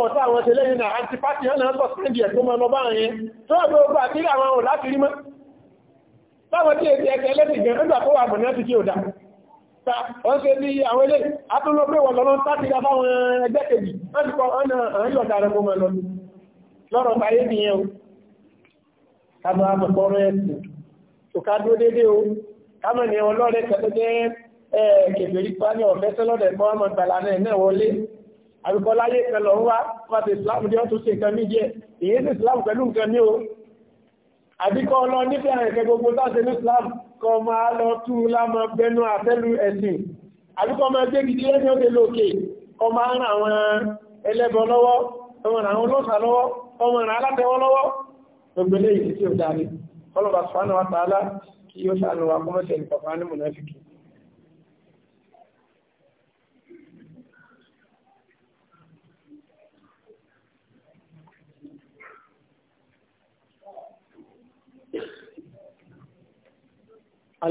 ọ̀tá àwọn tẹlẹ́yìn àti pátì náà sọ̀tẹ́ndì ẹ̀ tó máa lọ bá yẹn tó àgbẹ̀ ogun àti àwọn láti rí mọ́ táwọn tí èdè ẹ̀kẹ́ lẹ́sìn gẹ̀ẹ́ nígbà tó wà mọ̀nà ti kí ò dá ta wọ́n ṣe ní àwọn ilé atúnlọ́pẹ́ wọ̀ lọ́nà tàbí ra fáwọn ẹgbẹ́ kejì wọ́n ti kọ́ ọ̀nà àyọ̀dá rẹ̀ mọ́ lọ lọ́rọ̀ báyé nìyẹn o kábà àmọ̀kọ́rọ̀ ẹ̀sìn tó ká dúró dédé o kámà islam jẹ́ ọ̀tún ṣe nǹkan mí islam pẹ̀lú nǹkan àbíkọ́ lọ nífẹ́ ẹ̀kẹ́ gbogbo tàṣẹ ní Islam kọ máa lọ tú lámọ bẹnu àtẹ́lù ẹ̀sìn àbíkọ́ máa gbé gidi lẹ́ni ó délé òkè kọ máa ń àwọn ẹlẹ́bọ lọ́wọ́ ọmọ ràn àwọn lọ́sà lọ́wọ́ ọmọ ràn alátẹwọ́ lọ́wọ́ gbogbo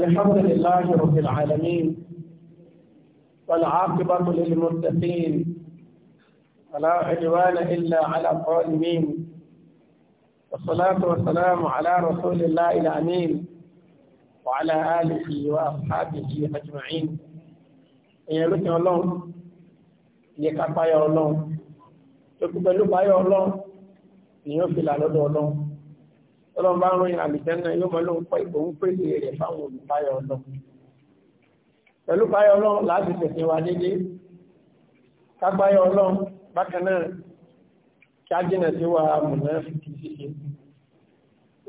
الحمد لله رب العالمين والعاقبة للمتقين فلا عدوان إلا على الظالمين والصلاة والسلام على رسول الله الأمين وعلى آله وأصحابه أجمعين إن رسول الله يكفى يا الله تكبلوا يا الله ni yóò fi ọlọ́run bá ròyìn àlùjẹ́nà yóò mọ lóun pẹ́ ìbò ń pèsè rẹ̀ fáwọn olùbáyọ̀ ọlọ́run pẹ̀lú báyọ̀ ọlọ́run láti tẹ̀sí wa dédé kágbáyọ̀ ọlọ́run bákan náà kí á jìnà sí wa mọ̀nà fìkì ṣíṣe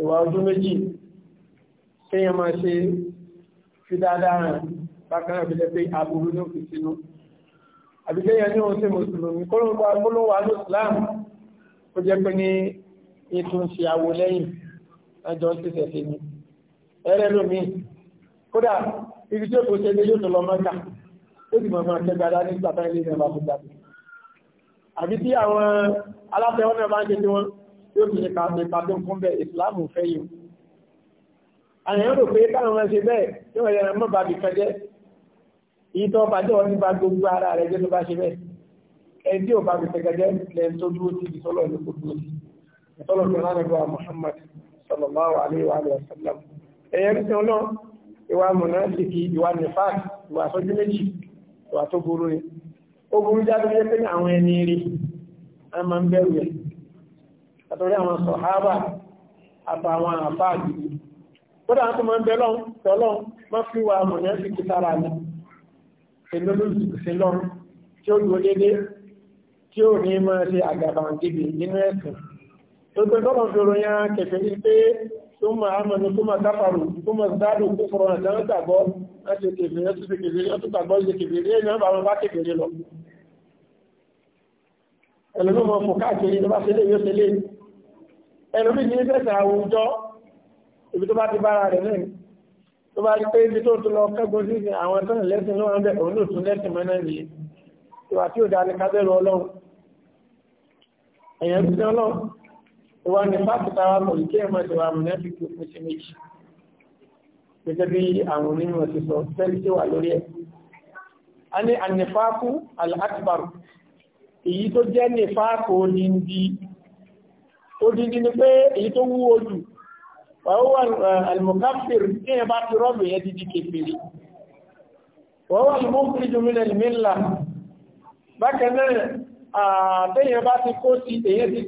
ìwà ọdún méjì kéèyàn máa ṣe fi dáadáa hàn bákan náà fi jẹ́ pé aburú ló fi sínú àbíkéyàn ní ohun tí mùsùlùmí kó ló ń gba gbólóhùn wa Islam ó jẹ́ pé ní ètò ìṣìyàwó lẹ́yìn ẹjọ́ ń tẹ̀sẹ̀ sí ni ẹrẹ́ lómi kódà ibi tí ó kò ṣe lé yóò tó lọ mọ́ta ó sì mọ̀mọ́ akẹ́gbẹ́ adá nígbà tá ilé ìrìnàmà fún jáde àbí tí àwọn aláfẹ́wọ́n náà bá ń ṣe tí wọ́n yóò fi ṣe kàṣe pàtó fún bẹ́ẹ̀ ìsìláàmù fẹ́ yìí àyàn rò pé káwọn máa ṣe bẹ́ẹ̀ tí wọ́n yẹra mọ́ bàbí kan jẹ́ èyí tó bàjẹ́ wọn ní gbogbo ara rẹ̀ jẹ́ tó bá ṣe bẹ́ẹ̀ ẹni tí ò bàbí kan jẹ́ lẹ́yìn tó dúró sí ìtọ́lọ̀ ní kò dúró sí ìtọ́lọ̀ tó Muhammad sallallahu alaihi wa sallam ẹ̀yẹ ń sọ náà ìwà mọ̀nàfíkì ìwà nìfàk ìwà sọ́jú méjì ìwà tó burú ni ó burú jáde jẹ́ pé àwọn ẹni rí a máa ń bẹ̀rù ẹ̀ àtọ́rí àwọn sọ̀hábà àtàwọn àfáà gidi kódà wọn tó máa ń gbogbo tọ́lọ̀ fi ròyìn kẹfẹ́ ní pé tó ma amẹ́nu tó ma káfàrù tó ma dáàdù kó fọ́rọ̀ àti àwọn tàgbọ́ láti kẹfẹ́ yẹn tó ti kẹfẹ́ yẹn tó tàgbọ́ ṣe kẹfẹ́ yẹn ní àwọn bá kẹfẹ́ yẹn lọ. ẹlòmí mọ fò káàkiri tó bá ṣe lé yóò ṣe lé ẹlòmí ẹ̀yẹ́ ìwà nífàkì táwa mọ̀ ìké ẹ̀mọ́ ti wà mùnáfíkì fún sí méjì gẹ́gẹ́ bí àwọn onímọ̀ ti sọ fẹ́lí tí wà lórí ẹ̀ a ní ànífàkù al èyí tó jẹ́ nífàkù odindi odindi ni pé èyí tó wú ojú wàhúwà al-mukafir kí ẹ bá ti rọ́bù yẹn al-mukhrij min al-milla bákan náà àtẹ́yìn bá ti kó sí èyí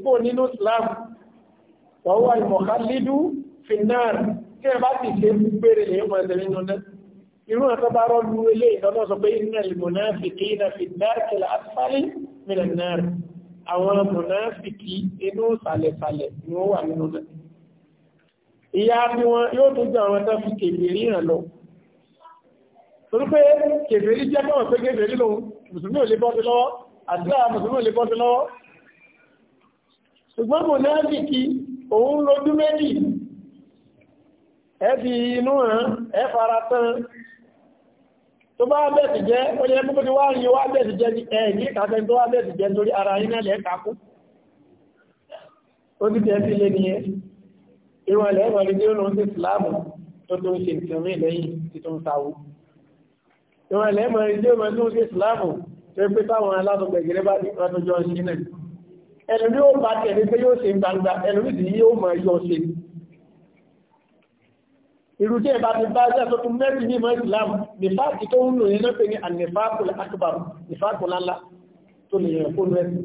wọ́wọ́ ìmọ̀kálídú fìnnáàrì tí ẹ bá ti ṣe gbére lè mọ̀ ẹ̀sẹ̀ nínú náà irú ẹ̀kọ́ bá rọ́ lu ilé ìtọ́nà sọ pé iná ìmọ̀náfìkì iná fìnnáàrì asfali mìnànáàrì àwọn mọ̀náfìkì inú sàlẹ̀sàlẹ̀ ni ó wà nínú náà ìyá ni wọn yóò tún jẹ àwọn ẹ̀tọ́ fi kèfèrí hàn òun lójú méjì ẹbí inú hàn ẹ fara tán tó bá bẹ̀ẹ̀sì jẹ́ ó yẹ púpọ̀ tí wá rí wá bẹ̀ẹ̀sì jẹ́ ní ẹ̀ẹ̀ní kàfẹ́ tó wá bẹ̀ẹ̀sì jẹ́ torí ara iná lẹ́ kakú ó ti tẹ́ẹ̀sì lé ní ẹ ìwọ̀n lẹ́wọ̀n lè dínú sí ìsìláàmù tó tó ń ṣe ìtìrìn lẹ́yìn tí tó ń sáwó ìwọ̀n lẹ́wọ̀n ẹlòmí ó bá tẹ̀lé pé yóò ṣe gbangba ẹlòmí sì yóò mọ̀ yọ ṣe ìrùtẹ́ ìbá ti bá jẹ́ tuntun mẹ́rin ní ìmọ̀ ìsìlámù nífàkì tó ń lò yẹn náà ní ànífàkùlá akbar nífàkùlá ńlá tó lè yẹn fóònù ẹ̀sìn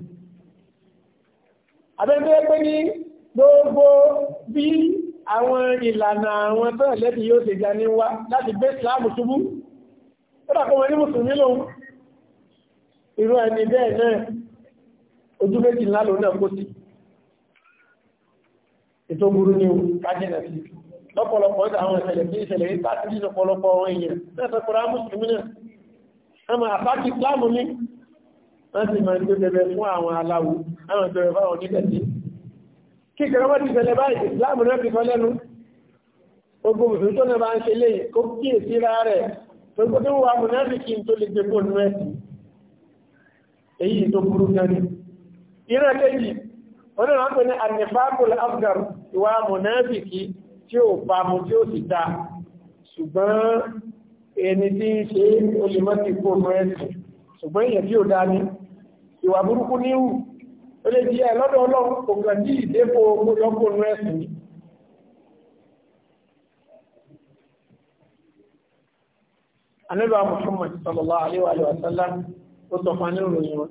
abẹ́gbẹ́ pé ní gbogbo bí àwọn ìlànà àwọn tọ́rọ̀ lẹ́bí yóò ṣe ga ní wá láti gbé ìsìlámù ṣubú ó dàkọ́ wọn ní mùsùlùmí lòun irú ẹni bẹ́ẹ̀ náà ojú méjì ńlá lónà kó sí ètò burú ní kájẹ́nà sí lọ́pọ̀lọpọ̀ ọjọ́ àwọn ìṣẹ̀lẹ̀ tí ìṣẹ̀lẹ̀ ní pàtàkì lọ́pọ̀lọpọ̀ àwọn èèyàn náà sọ́kọ̀rọ̀ amúsùlùmí náà àmà àpáàkì islamu ní wọ́n sì máa ń tó bẹ̀rẹ̀ fún àwọn aláwo àwọn ìbẹ̀rẹ̀ fáwọn onílẹ̀ sí kíkẹrẹ wọ́n ti bẹ̀rẹ̀ báyìí islamu náà fi kọ́ lẹ́nu ogun mùsùlùmí tó náà bá ń ṣe lè kó kíyèsí ẹ̀sìn èyí tó burú gan ìran kejì onírànà pé ní anifakul afghan ìwà mọ̀nẹ́fìkì tí ó bá mu tí ó sì ta ṣùgbọ́n ẹni tí ń ṣe olùmọ́tì kó mọ́ ẹ̀sìn ṣùgbọ́n èèyàn tí ó dá ní ìwà burúkú níhù ó lè di ẹ̀ lọ́dọ̀ ọlọ́run kò kàn tí ìdépò Muhammad sallallahu alaihi wa sallam ó wọn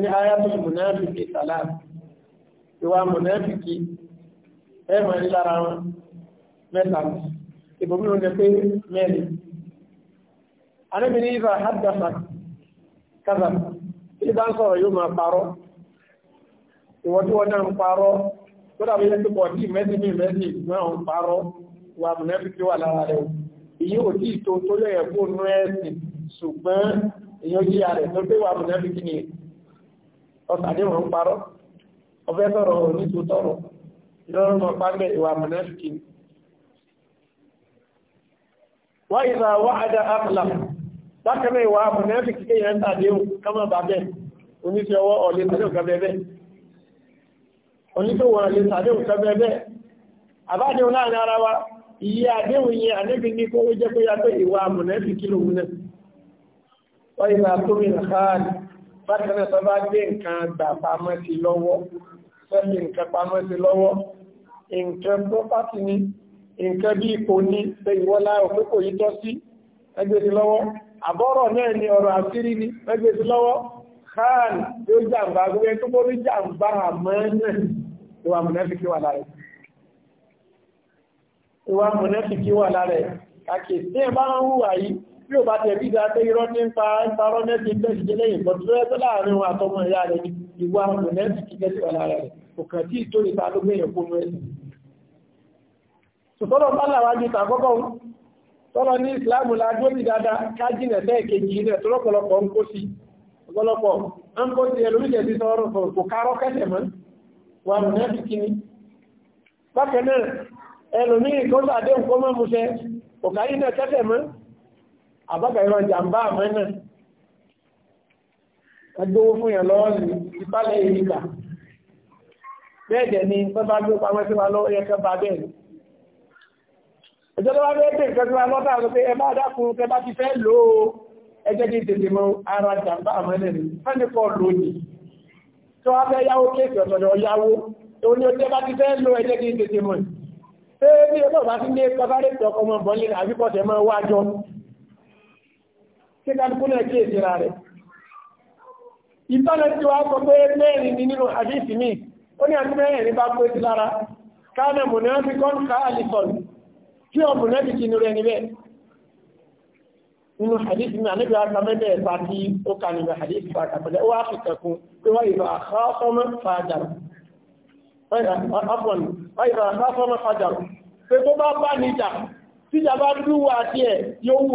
ní ayatul munafiki salam ìwà munafiki ẹ mọ̀ ní lára wọn mẹ́ta ìbòmí oúnjẹ pé mẹ́rin anábìnrin ìfà haddasa kaza tí bá ń sọ̀rọ̀ yóò paro, parọ́ ìwọ́n tí wọ́n náà ń parọ́ tó dàbí yẹ́ pípọ̀ tí mẹ́sì ní mẹ́sì náà ń parọ́ wà munafiki wà lára rẹ̀ èyí ò tí ìtò tó lẹ́yẹ̀ fún ẹ̀sìn ṣùgbọ́n èyí ó jí ààrẹ tó pé wà ni ọ̀sàdéhùn ń parọ́ ọfẹ́ sọ̀rọ̀ onítòótọ́rọ̀ lọ́rùn mọ̀ pàgbẹ̀ ìwà mọ̀nẹ́fìkì wá ìzà wá àdá àpùlà bákanáà ìwà mọ̀nẹ́fìkì kéyàn ń tàdéhùn kama bàbẹ̀ oníṣẹ́ ọwọ́ ọ̀lẹ́ tàdéhùn kẹbẹ̀ẹ́bẹ̀ mụ ọ̀lẹ́ tàdéhùn kẹbẹ̀ẹ́bẹ̀ iye bákan náà tó bá gbé nǹkan gbà pamọ́ sí lọ́wọ́ sẹ́yìn nǹkan pamọ́ sí lọ́wọ́ nǹkan pọ́pátì ni nǹkan bí ipò ní pé ìwọ́lá òpépò yìí tọ́ sí ẹgbẹ́ sí lọ́wọ́ àbọ̀rọ̀ náà ni ọ̀rọ̀ àṣírí ni ẹgbẹ́ sí lọ́wọ́ khan yóò jàǹbá gbogbo ẹni tó bó rí jàǹbá àmọ́ náà ìwà mùnẹ́fìkì wà lára ìwà mùnẹ́fìkì wà lára kàkì tí ó bá tẹ̀ bí dáa pé irọ́ ní ń pa ń parọ́ mẹ́sì ń bẹ́sì jẹ́ lẹ́yìn pọ̀tù lọ́yẹ́ tó láàrin wọn àtọmọ ìyá rẹ̀ ní ìwà ọmọ mẹ́sì kí gẹ́sì wà lára rẹ̀ òkàn tí ìtò ìta ló gbẹ̀yẹ̀ kó mú ẹ̀sìn. sọ̀tọ́lọ́ bá làwà ju tàkọ́kọ́ tọ́lọ ní ìsìláàmù la gbóbi dáadáa kájínà bẹ́ẹ̀ kejì rẹ̀ tọ́lọ́pọ̀lọpọ̀ ń kó sí ọ̀pọ̀lọpọ̀ ń kó sí ẹlòmíjẹ̀ sí sọ́rọ̀ kò kárọ́ kẹsẹ̀ mọ́ wà mọ̀ náà fi kíni. bákan náà ẹlòmíì kó sàdéhùn kó mọ́ àbábẹ̀rọ jàmbá àmẹ́nà ẹgbówó fún yẹn lọ́wọ́ ní ìpálẹ̀ ìrìkà bẹ́ẹ̀dẹ̀ ni bọ́bá gbé pamọ́ sí wa lọ́wọ́ yẹn kẹba bẹ́ẹ̀ ìjọba bẹ́ẹ̀ pé nǹkan tí wa lọ́ta rẹ̀ pé ẹbá dákun kẹ bá ti fẹ́ lò ó ẹjẹ́ ní tètè mọ ara jàmbá àmẹ́nà ni fẹ́ni pọ̀ lónìí tí wọ́n fẹ́ yáwó kéèkì ọ̀tọ̀dọ̀ yáwó òun ni ó tẹ́ bá ti fẹ́ lò ẹjẹ́ ní tètè mọ̀ ṣé bí ọlọ́ọ̀bá ti ní kọfárẹ́tì ọkọ̀ ọmọ bọ́ọ̀lì àbíkọ̀tẹ̀ mọ́ wájọ́ kí kálukú náà kí èsì ra rẹ̀. ìtọ́lẹ̀ tí wàá sọ pé mẹ́rin ni nínú àdìsí mi ó ní àti mẹ́rin bá pé sí lára káàmì mùnáfikọ́n ká àlìfọ̀n kí ọ mùnáfikì nínú rẹ̀ níbẹ̀. nínú àdìsí mi àníbi àgbà mẹ́bẹ̀ ẹ̀fà tí ó kà nínú àdìsí wa kàpẹ́lẹ́ ó wá fi kẹ̀kún pé wọ́n ìlú àkọ́kọ́mọ́ fàájàrù. wọ́n ìlú àkọ́kọ́mọ́ fàájàrù pé tó bá bá níjà tíjà bá dúwà tiẹ̀ yóò wù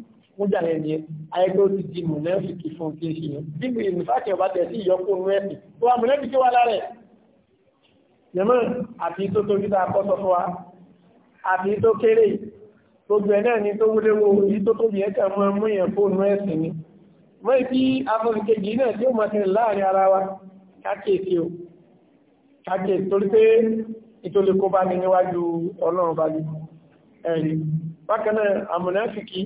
fún jàlẹ̀ ni ayẹgbẹ́ ti di mùnẹ́fìkì fún kí n ṣe yẹn bí mi ìfàkì ọba tẹ̀ sí ìyọkùn inú ẹ̀sìn tó wà mùnẹ́fìkì wà lára ẹ̀ yẹmọ́ àti tó tóbi tá a kọ́ sọ fún wa àti tó kéré gbogbo ẹ̀ náà ni tó wúléwó èyí tó tóbi ẹ̀ kà mọ́ mú yẹn fóònù ẹ̀sìn ni mọ́ ìfi afọ́nìkejì náà tí ó mọ̀ tẹ̀lé láàrin ara wa kákèsí o kákèsí torí pé ìtòlẹ́kọ́ bá níwájú ọlọ́run bá bákan náà àmùnẹ́fìkì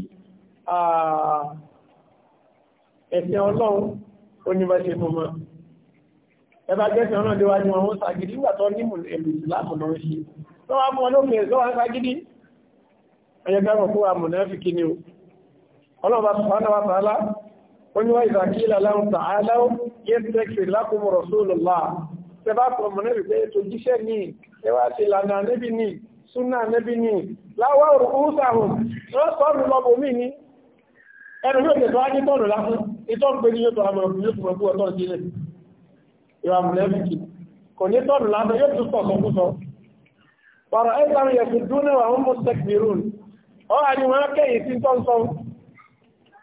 ẹ̀sìn ọlọ́run oníbàṣe mọ́mọ́ ẹbá gẹ́sìn ọlọ́run déwájú wọn wọ́n sàgídí nígbà tó nímù ẹ̀lú ìsìláàmù lọ́rọ̀ sí tó wá mọ́ lókè tó wá sàgídí ẹyẹgbẹ́rún fún àmùnáfíkì ni ọlọ́run bá sọ̀rọ̀ wá sàálá oníwà ìzàkílà láhùn tààláwó yẹ́ tẹ́kì lákùnmù rọ̀súlùlá tẹbá kọ̀ mọ̀ nẹ́bì pé ètò jíṣẹ́ ní ẹwà ti lànà nẹ́bì ní súnà nẹ́bì ní láwọ́ òrùkú sáhùn lọ́sọ̀rùn lọ́bọ̀ mí ní ẹnu ló tẹ̀tọ́ á ní tọ́rọ lásán ìtọ́ ń pè ní yóò àmọ̀ yóò tún ọkú ọtọ́ sílẹ̀ ìwà mùlẹ́bìkì kò ní tọ́rọ lásán yóò tún sọ̀sọ̀ kú sọ pàrọ̀ ẹ́sàn yẹ̀ fi dún náà wọ́n mú sẹ́kìrún ọ́ àní wọ́n kẹ́yìn sí tọ́ ń sọ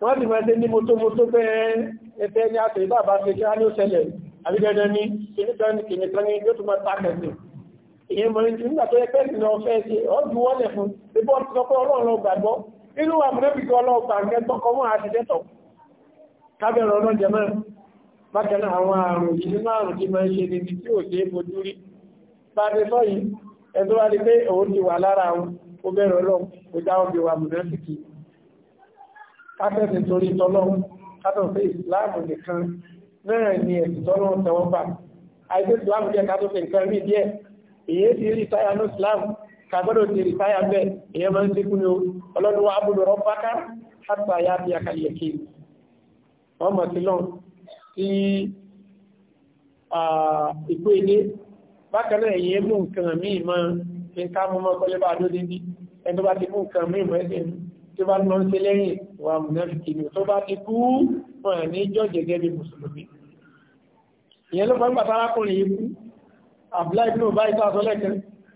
wọ́n sì máa ṣe ní mọ́tò mọ́tò bẹ́ẹ̀ ẹ̀fẹ́ ní àtẹ̀ ìbá bá ṣe kí á ní ó ṣẹlẹ̀ àbí dandan ní kìnnìkan ní kìnnìkan ní yóò tún máa ta kẹsì ìyẹn mọ̀ nígbà tó yẹ pẹ́ẹ́sì náà fẹ́ ṣe ọ́ ju wọ́lẹ̀ fún bí bọ́ọ̀lù sọ inú wa mọ̀lẹ́bìkì ọlọ́ọ̀pàá ní ẹgbọ́kọ́ wọn àti dẹ́tọ̀ kábẹ̀rẹ̀ ọlọ́jẹ mẹ́rin bákaná àwọn àrùn yìí nínú àrùn tí máa ń ṣe níbi tí ò ṣe é bojú rí bá ti sọ yìí ẹ̀tọ́ wá di pé òun ti wà lára àwọn ó bẹ̀rẹ̀ ọlọ́run ni ẹ̀sìn tọlọ́run tẹwọ́ gbà àìsí ìsìláàmù jẹ́ kátó fi nǹkan rí díẹ̀ èyí kàgbọ́dọ̀ ti rí táyà bẹ́ẹ̀ èyàn máa ń ti kú ní ọlọ́dún wa abúlé rọ́páká hàtà ya bí akàlẹ̀ kí wọ́n mọ̀ sí lọ́n tí ìpé ilé bákan náà èyàn mú nǹkan míì mọ́ ní ká mọ́ kọ́lé bá dóde ní ẹni bá ti mú nǹkan míì mọ́ ẹ̀sìn tó bá lọ sí lẹ́yìn wa mùnáfíkì ni tó bá ti kú wọn ní jọ́ gẹ́gẹ́ bí mùsùlùmí ìyẹn ló fọ́n gbàtà arákùnrin yìí kú àbúlá ìbínú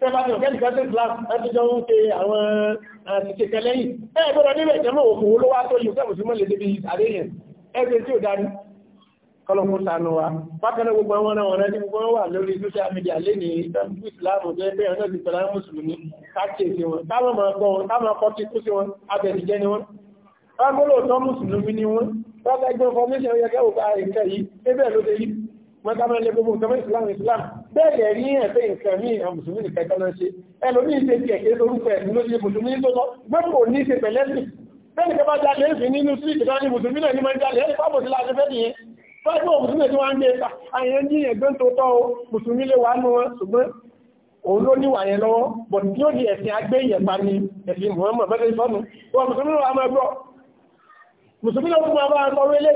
tẹ́bàtí ọ̀gẹ́ nìkan tí glass ẹgbẹ́jọ́ ń ṣe àwọn àtìkẹ̀kẹ́ lẹ́yìn ẹ̀ gbọ́dọ̀ níbẹ̀ jẹ́mọ̀ òkú ló wá tó yìí kẹ́bù sí mọ́lẹ̀ débi àríyàn ẹgbẹ́ tí ó darí kọlọ̀mù sànú wa bákanáà gbogbo àwọn ọ̀nà ọ̀nà tí wọ́n wà lórí social media lé ní ìsìláàmù jẹ́ pé ọjọ́ ìpẹ̀lá mùsùlùmí káàkiri wọn táwọn máa gbọ́ wọn táwọn kọ́ kíkú sí wọn abẹ̀nìjẹ́ ni wọ́n rágbólò tán mùsùlùmí ni wọ́n rọ́gbẹ́gbẹ́ information yẹ kẹ́wò ah, ká ẹ̀kẹ́ yìí ébẹ̀ ló dé yìí mọ́tàmẹ́lẹ́gbogbo ìsìláàmù ìsìláàmù bẹ́ẹ̀lẹ̀ rí ẹ̀fẹ́ nǹkan ní àwọn mùsùlùmí nìkan kan náà ṣe ẹlòmí ṣe ti ẹ̀kẹ́ lórúkọ ẹ̀mí ló ṣe mùsùlùmí tó lọ gbẹ́kò ní ṣe pẹ̀lẹ́sì bẹ́ẹ̀ni kẹfà jáde ẹ̀fì nínú sí ìkẹta ní mùsùlùmí náà ní máa jáde ẹ̀fà bò sí láti fẹ́ nìyẹn fẹ́ẹ̀kọ́ mùsùlùmí tí wọ́n ń gbé àyẹn ní ẹ̀gbẹ́ tó tọ́ mùsùlùmí lè wà nù wọn ṣùgbọ́n òun ló ni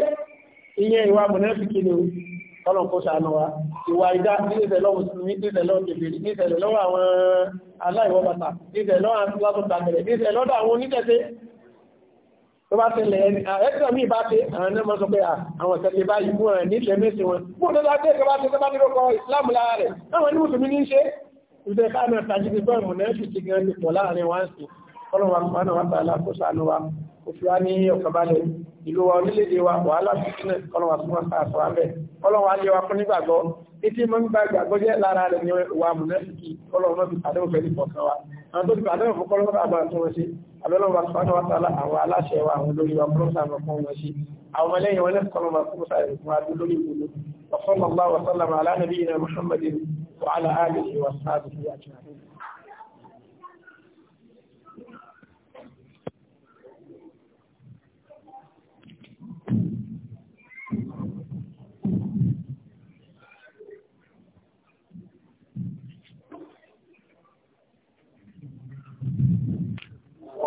ẹ̀sìn Muhammad Ọlọ́run kó ṣàánú wa ìwà ìdá nílẹ̀ẹ́lọ́ mùsùlùmí nílẹ̀ẹ́lọ́ kèfèrí nílẹ̀ẹ́lọ́ àwọn aláìwọ̀ bàtà nílẹ̀ẹ́lọ́ àti látọ̀ tàbẹ̀rẹ̀ nílẹ̀ẹ́lọ́ àwọn oníkẹ́sẹ́ tó bá tẹ́lẹ̀ ẹ̀ẹ́kẹ́ mi bá tẹ́ àwọn ẹ̀nà mọ́ sọ pé àwọn ìṣẹ̀lẹ̀ báyìí fún ẹ̀ nílẹ̀ mẹ́sì wọn fún ọdọ́dọ́ àti ẹ̀kẹ́ bá tẹ́ tó kọ́lọ̀wà mọ́nà wà tààlà kó sànú wa kò fi wá ní ọ̀kọ̀balẹ̀ ìlú wa orílẹ̀-èdè wa wàhálà fìtínà kọ́lọ̀wà tó wọ́n sàfọ́ abẹ́ kọ́lọ̀wà lè wa fún nígbàgbọ́ títí mọ́ ń gbàgbọ́ jẹ́ lára rẹ̀ ní wa mùnẹ́sìkì kọ́lọ̀wà mọ́ fi àdéhùn fẹ́ nípa ọ̀kan wa àwọn tó ti àdéhùn fún kọ́lọ̀wà àgbà tó wọ́n sí àbẹ́lọ́wà sọ́nà وصلى الله وسلم على نبينا محمد وعلى آله وصحبه أجمعين